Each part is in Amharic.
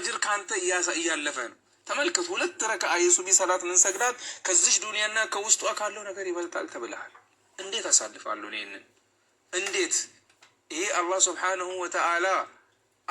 አጅር ከአንተ እያለፈ ነው። ተመልከት ሁለት ረከዓ የሱቢ ሰላት ምንሰግዳት ከዚች ዱኒያና ከውስጧ ካለው ነገር ይበልጣል ተብለሃል። እንዴት አሳልፋለሁ? ይህንን እንዴት ይሄ አላህ ስብሓንሁ ወተዓላ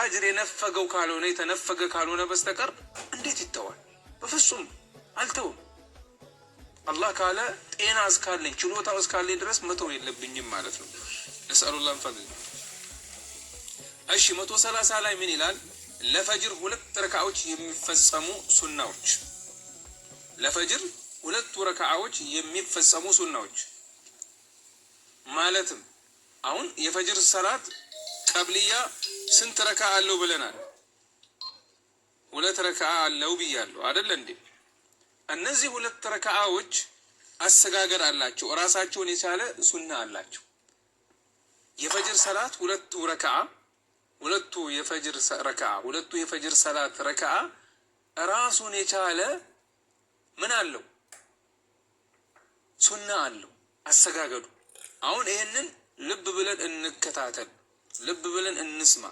አጅር የነፈገው ካልሆነ የተነፈገ ካልሆነ በስተቀር እንዴት ይተዋል? በፍጹም አልተውም። አላህ ካለ ጤና እስካለኝ ችሎታ እስካለኝ ድረስ መተው የለብኝም ማለት ነው። ነስአሉላን ፈል እሺ፣ መቶ ሰላሳ ላይ ምን ይላል? ለፈጅር ሁለት ረካዎች የሚፈጸሙ ሱናዎች ለፈጅር ሁለቱ ረካዎች የሚፈጸሙ ሱናዎች ማለትም አሁን የፈጅር ሰላት ቀብልያ ስንት ረካ አለው ብለናል። ሁለት ረካ አለው ብያለሁ አደለ እንዴ? እነዚህ ሁለት ረካዎች አሰጋገድ አላቸው፣ እራሳቸውን የቻለ ሱና አላቸው። የፈጅር ሰላት ሁለቱ ረካ ሁለቱ የፈጅር ረክዓ ሁለቱ የፈጅር ሰላት ረክዓ ራሱን የቻለ ምን አለው? ሱና አለው አሰጋገዱ። አሁን ይህንን ልብ ብለን እንከታተል፣ ልብ ብለን እንስማ።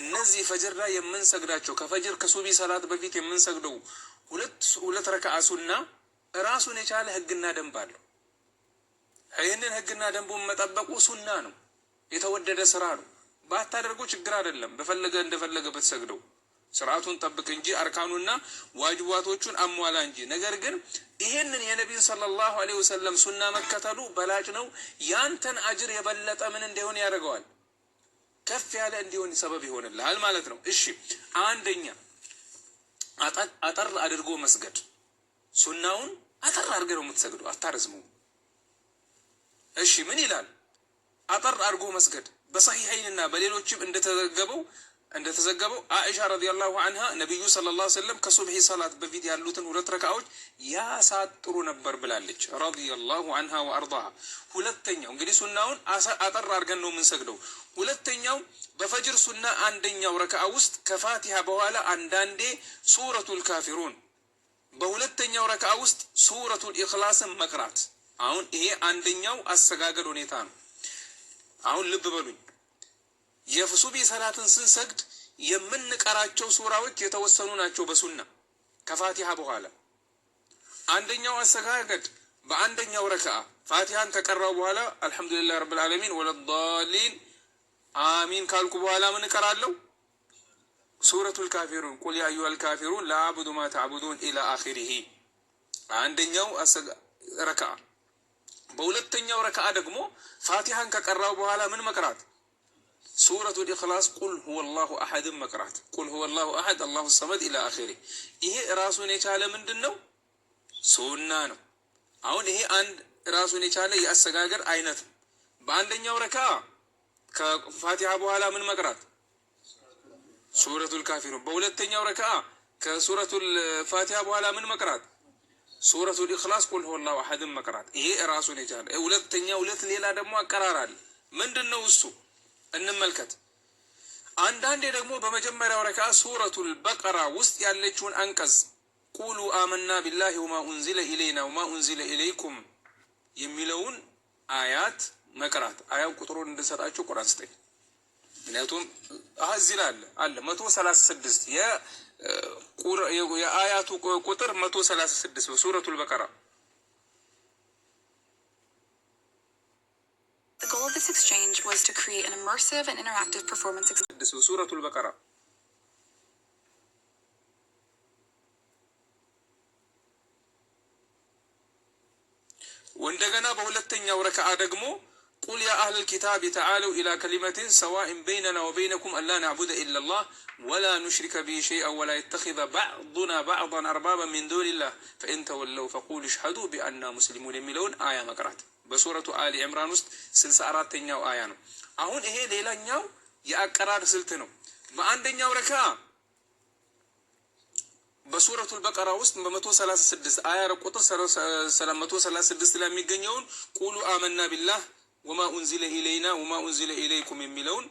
እነዚህ ፈጅር ላይ የምንሰግዳቸው ከፈጅር ከሱቢ ሰላት በፊት የምንሰግደው ሁለት ረክዓ ሱና ራሱን የቻለ ህግና ደንብ አለው። ይህንን ህግና ደንቡን መጠበቁ ሱና ነው፣ የተወደደ ስራ ነው። ባታደርጎ ችግር አይደለም። በፈለገ እንደፈለገ ብትሰግደው ስርዓቱን ጠብቅ እንጂ አርካኑና ዋጅባቶቹን አሟላ እንጂ። ነገር ግን ይህንን የነቢዩ ሰለላሁ ዐለይሂ ወሰለም ሱና መከተሉ በላጭ ነው። ያንተን አጅር የበለጠ ምን እንዲሆን ያደርገዋል፣ ከፍ ያለ እንዲሆን ሰበብ ይሆንልሃል ማለት ነው። እሺ አንደኛ አጠር አድርጎ መስገድ። ሱናውን አጠር አድርገ ነው የምትሰግደው፣ አታረዝመው። እሺ ምን ይላል? አጠር አድርጎ መስገድ በሰሒሐይንና በሌሎችም እንደተዘገበው እንደተዘገበው አኢሻ ረዲየላሁ አንሃ ነቢዩ ሰለላሁ ዐለይሂ ከሱብሒ ሰላት በፊት ያሉትን ሁለት ረካዎች ያሳጥሩ ነበር ብላለች። ረዲየላሁ አንሃ ወአርዳሃ። ሁለተኛው እንግዲህ ሱናውን አጠር አድርገን ነው የምንሰግደው። ሁለተኛው በፈጅር ሱና አንደኛው ረክዓ ውስጥ ከፋቲሃ በኋላ አንዳንዴ ሱረቱል ካፊሩን፣ በሁለተኛው ረክዓ ውስጥ ሱረቱል ኢኽላስን መቅራት። አሁን ይሄ አንደኛው አሰጋገድ ሁኔታ ነው። አሁን ልብ በሉኝ የሱቢ ሰላትን ስንሰግድ የምንቀራቸው ሱራዎች የተወሰኑ ናቸው። በሱና ከፋቲሃ በኋላ አንደኛው አሰጋገድ በአንደኛው ረክዓ ፋቲሃን ከቀራው በኋላ አልሐምዱሊላህ ረብል ዓለሚን ወለዳሊን አሚን ካልኩ በኋላ ምን እቀራለሁ? ሱረቱል ካፊሩን ቁል ያ አዩሀል ካፊሩን ላአቡዱ ማ ተዕቡዱን ኢላ አኺሪሂ አንደኛው ረክዓ። በሁለተኛው ረክዓ ደግሞ ፋቲሃን ከቀራው በኋላ ምን መቅራት ሱረቱል ኢኽላስ ቁል ሁወላሁ አሐድን መቅራት ቁል ሁወላሁ አሐድ አላሁ ሰመድ ኢላ አኺሪ። ይሄ ራሱን የቻለ ምንድን ነው? ሱና ነው። አሁን ይሄ አንድ ራሱን የቻለ የአሰጋገር አይነት ነው። በአንደኛው ረካ ከፋቲሃ በኋላ ምን መቅራት? ሱረቱል ካፊሩን። በሁለተኛው ረካ ከሱረቱል ፋቲሃ በኋላ ምን መቅራት? ሱረቱል ኢኽላስ ቁል ሁወላሁ አሐድን መቅራት። ይሄ ራሱን የቻለ ሁለተኛ ሁለት ሌላ ደግሞ አቀራራል ምንድን ነው እሱ እንመልከት። አንዳንዴ ደግሞ በመጀመሪያው ረካ ሱረቱል በቀራ ውስጥ ያለችውን አንቀጽ ቁሉ አመና ቢላሂ ወማ ኡንዚለ ኢለይና ወማ ኡንዚለ ኢለይኩም የሚለውን አያት መቅራት አያው ቁጥሩን እንድንሰጣቸው ቁርአን ስጠኝ። ምክንያቱም እዚህ ላይ አለ መቶ ሰላሳ ስድስት የአያቱ ቁጥር መቶ ሰላሳ ስድስት በሱረቱል በቀራ this exchange was to create an immersive and interactive performance experience. سورة البقرة وندغنا بهلتኛ ረከዓ ደግሞ قل يا أهل الكتاب تعالوا إلى كلمة سواء بيننا وبينكم ألا نعبد إلا الله ولا نشرك به شيئا ولا يتخذ بعضنا بعضا أربابا من دون الله فإن تولوا فقولوا اشهدوا بأننا مسلمون ملون آية መቅራት በሱረቱ አሊ ዕምራን ውስጥ ስልሳ አራተኛው አያ ነው። አሁን ይሄ ሌላኛው የአቀራር ስልት ነው። በአንደኛው ረካ በሱረቱል በቀራ ውስጥ በ136 አያ ቁጥር 336 ላይ የሚገኘውን ቁሉ አመና ቢላህ ወማ ኡንዚለ ኢለይና ወማ ኡንዚለ ኢለይኩም የሚለውን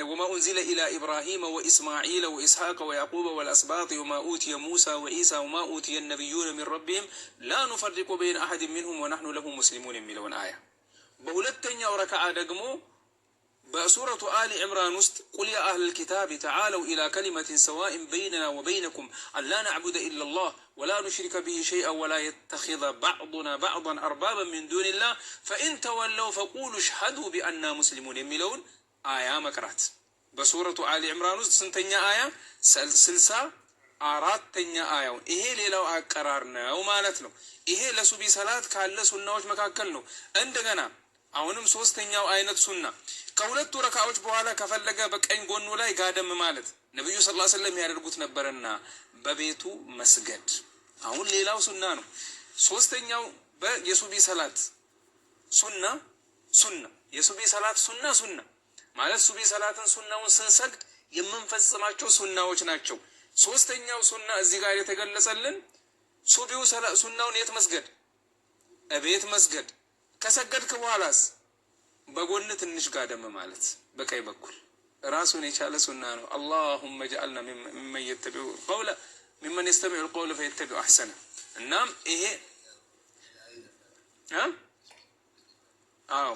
وما أنزل إلى إبراهيم وإسماعيل وإسحاق ويعقوب والأسباط وما أوتي موسى وعيسى وما أوتي النبيون من ربهم لا نفرق بين أحد منهم ونحن له مسلمون የሚለውን آية. يا ركعة دقمو ደግሞ آل عمران است قل يا أهل الكتاب تعالوا إلى كلمة سواء بيننا وبينكم أن لا نعبد إلا الله ولا نشرك به شيئا ولا يتخذ بعضنا بعضا أربابا من دون الله فإن تولوا فقولوا اشهدوا بأننا مسلمون ملون አያ መቅራት በሱረቱ አሊ ዕምራን ውስጥ ስንተኛ አያ? ስልሳ አራተኛ አያውን። ይሄ ሌላው አቀራር ነው ማለት ነው። ይሄ ለሱቢ ሰላት ካለ ሱናዎች መካከል ነው። እንደገና አሁንም ሶስተኛው አይነት ሱና ከሁለቱ ረካዎች በኋላ ከፈለገ በቀኝ ጎኑ ላይ ጋደም ማለት ነቢዩ ስ ስለም ያደርጉት ነበረና በቤቱ መስገድ አሁን ሌላው ሱና ነው። ሶስተኛው የሱቢ ሰላት ሱና ሱና የሱቢ ሰላት ሱና ሱና ማለት ሱቢ ሰላትን ሱናውን ስንሰግድ የምንፈጽማቸው ሱናዎች ናቸው። ሶስተኛው ሱና እዚህ ጋር የተገለጸልን ሱቢው ሱናውን የት መስገድ? እቤት መስገድ። ከሰገድክ በኋላስ በጎን ትንሽ ጋደም ማለት በቀኝ በኩል ራሱን የቻለ ሱና ነው። አላሁመ ጀአልና ሚመን የተቢዑ ቀውለ ሚመን የስተሚዑ ልቀውለ ፈየተቢዑ አሕሰነ። እናም ይሄ አዎ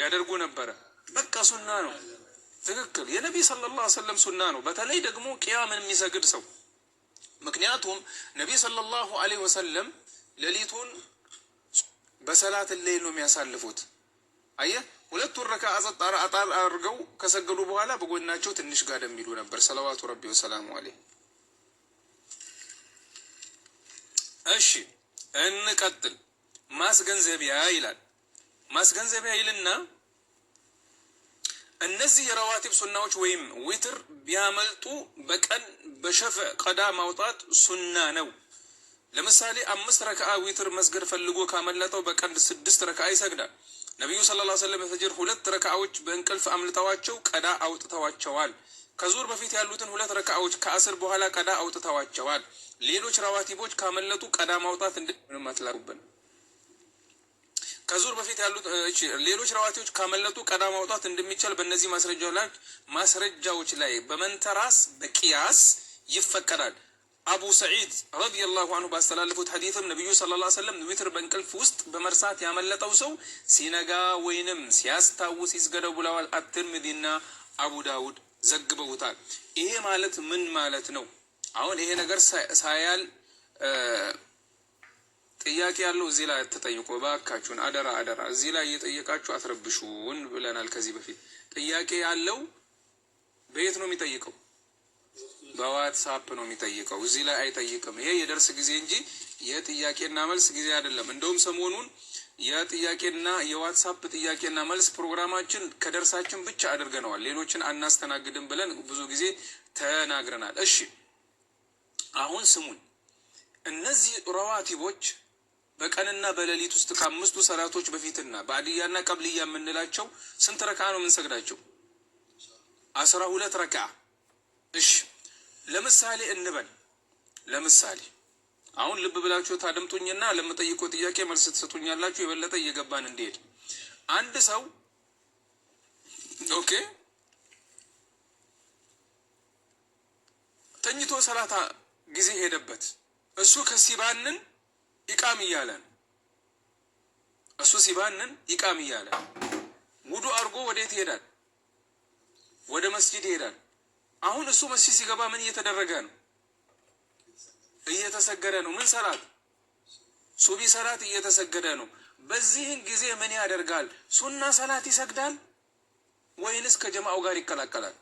ያደርጉ ነበረ በቃ ሱና ነው። ትክክል የነቢ ሰለላሁ ዐለይሂ ወሰለም ሱና ነው። በተለይ ደግሞ ቅያምን የሚሰግድ ሰው ምክንያቱም ነቢ ሰለላሁ ዐለይሂ ወሰለም ሌሊቱን በሰላት ሌይል ነው የሚያሳልፉት። አየህ ሁለቱን ረካ አጠር አድርገው ከሰገዱ በኋላ በጎናቸው ትንሽ ጋደም ይሉ ነበር። ሰለዋቱ ረቢ ወሰላሙ ዐለይህ። እሺ እንቀጥል። ማስገንዘቢያ ይላል። ማስገንዘቢያ ይልና እነዚህ የረዋቲብ ሱናዎች ወይም ዊትር ቢያመልጡ በቀን በሸፈ ቀዳ ማውጣት ሱና ነው። ለምሳሌ አምስት ረክዓ ዊትር መስገድ ፈልጎ ካመለጠው በቀን ስድስት ረክዓ ይሰግዳል። ነቢዩ ስለ ላ ስለም የፈጅር ሁለት ረክዓዎች በእንቅልፍ አምልጠዋቸው ቀዳ አውጥተዋቸዋል። ከዙር በፊት ያሉትን ሁለት ረክዓዎች ከአስር በኋላ ቀዳ አውጥተዋቸዋል። ሌሎች ረዋቲቦች ካመለጡ ቀዳ ማውጣት እንደሆነ ከዙር በፊት ያሉት ሌሎች ረዋቲዎች ካመለጡ ቀዳ ማውጣት እንደሚቻል በእነዚህ ማስረጃዎች ላይ በመንተራስ በቅያስ ይፈቀዳል። አቡ ሰዒድ ረዲየላሁ አንሁ ባስተላለፉት ሐዲትም ነቢዩ ሰለላሁ ዐለይሂ ወሰለም ዊትር በእንቅልፍ ውስጥ በመርሳት ያመለጠው ሰው ሲነጋ ወይንም ሲያስታውስ ይስገደው ብለዋል። አትርሚዚና አቡ ዳውድ ዘግበውታል። ይሄ ማለት ምን ማለት ነው? አሁን ይሄ ነገር ሳያል ጥያቄ ያለው እዚህ ላይ ተጠይቆ እባካችሁን አደራ አደራ፣ እዚህ ላይ እየጠየቃችሁ አትረብሹን ብለናል ከዚህ በፊት። ጥያቄ ያለው በየት ነው የሚጠይቀው? በዋትሳፕ ነው የሚጠይቀው። እዚህ ላይ አይጠይቅም። ይሄ የደርስ ጊዜ እንጂ የጥያቄና መልስ ጊዜ አይደለም። እንደውም ሰሞኑን የጥያቄና የዋትሳፕ ጥያቄና መልስ ፕሮግራማችን ከደርሳችን ብቻ አድርገነዋል። ሌሎችን አናስተናግድም ብለን ብዙ ጊዜ ተናግረናል። እሺ አሁን ስሙን እነዚህ ረዋቲቦች በቀንና በሌሊት ውስጥ ከአምስቱ ሰላቶች በፊትና በአድያና ቀብልያ የምንላቸው ስንት ረክዓ ነው የምንሰግዳቸው? አስራ ሁለት ረክዓ። እሺ ለምሳሌ እንበል ለምሳሌ አሁን ልብ ብላችሁ ታደምጡኝና ለምጠይቀው ጥያቄ መልስ ትሰጡኛላችሁ። የበለጠ እየገባን እንዲሄድ አንድ ሰው ኦኬ ተኝቶ ሰላታ ጊዜ ሄደበት እሱ ከሲባንን ኢቃም እያለ ነው። እሱ ሲባንን ኢቃም እያለ ነው። ውዱ አድርጎ ወዴት ይሄዳል? ወደ መስጂድ ይሄዳል። አሁን እሱ መስጂድ ሲገባ ምን እየተደረገ ነው? እየተሰገደ ነው። ምን ሰላት? ሱቢ ሰላት እየተሰገደ ነው። በዚህን ጊዜ ምን ያደርጋል? ሱና ሰላት ይሰግዳል ወይንስ ከጀማአው ጋር ይቀላቀላል?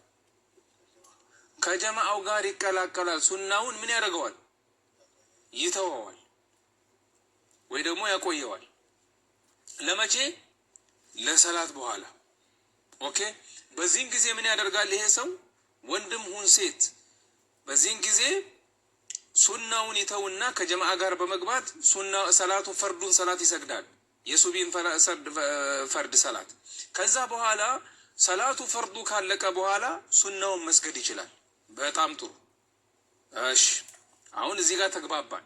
ከጀማአው ጋር ይቀላቀላል። ሱናውን ምን ያደርገዋል? ይተወዋል። ወይ ደግሞ ያቆየዋል። ለመቼ? ለሰላት በኋላ ኦኬ። በዚህን ጊዜ ምን ያደርጋል ይሄ ሰው? ወንድም ሁን ሴት፣ በዚህን ጊዜ ሱናውን ይተውና ከጀማዓ ጋር በመግባት ሱና ሰላቱ ፈርዱን ሰላት ይሰግዳል። የሱቢን ፈርድ ሰላት። ከዛ በኋላ ሰላቱ ፈርዱ ካለቀ በኋላ ሱናውን መስገድ ይችላል። በጣም ጥሩ። እሺ አሁን እዚህ ጋር ተግባባን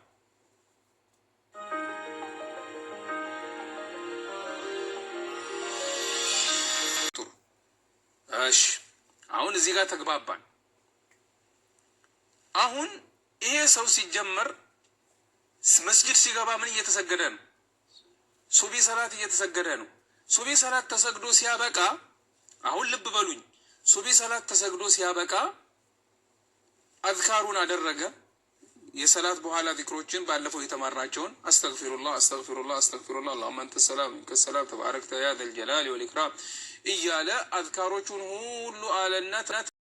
እዚህ ጋር ተግባባን። አሁን ይሄ ሰው ሲጀመር መስጅድ ሲገባ ምን እየተሰገደ ነው? ሱቢ ሰላት እየተሰገደ ነው። ሱቢ ሰላት ተሰግዶ ሲያበቃ አሁን ልብ በሉኝ። ሱቢ ሰላት ተሰግዶ ሲያበቃ አዝካሩን አደረገ። የሰላት በኋላ ዚክሮችን ባለፈው የተማራቸውን አስተግፊሩላህ አስተግፊሩላህ አስተግፊሩላህ አላሁመ አንተ ሰላም ሚንከ ሰላም ተባረክተ ያ ዘልጀላል ወልኢክራም እያለ አዝካሮቹን ሁሉ አለና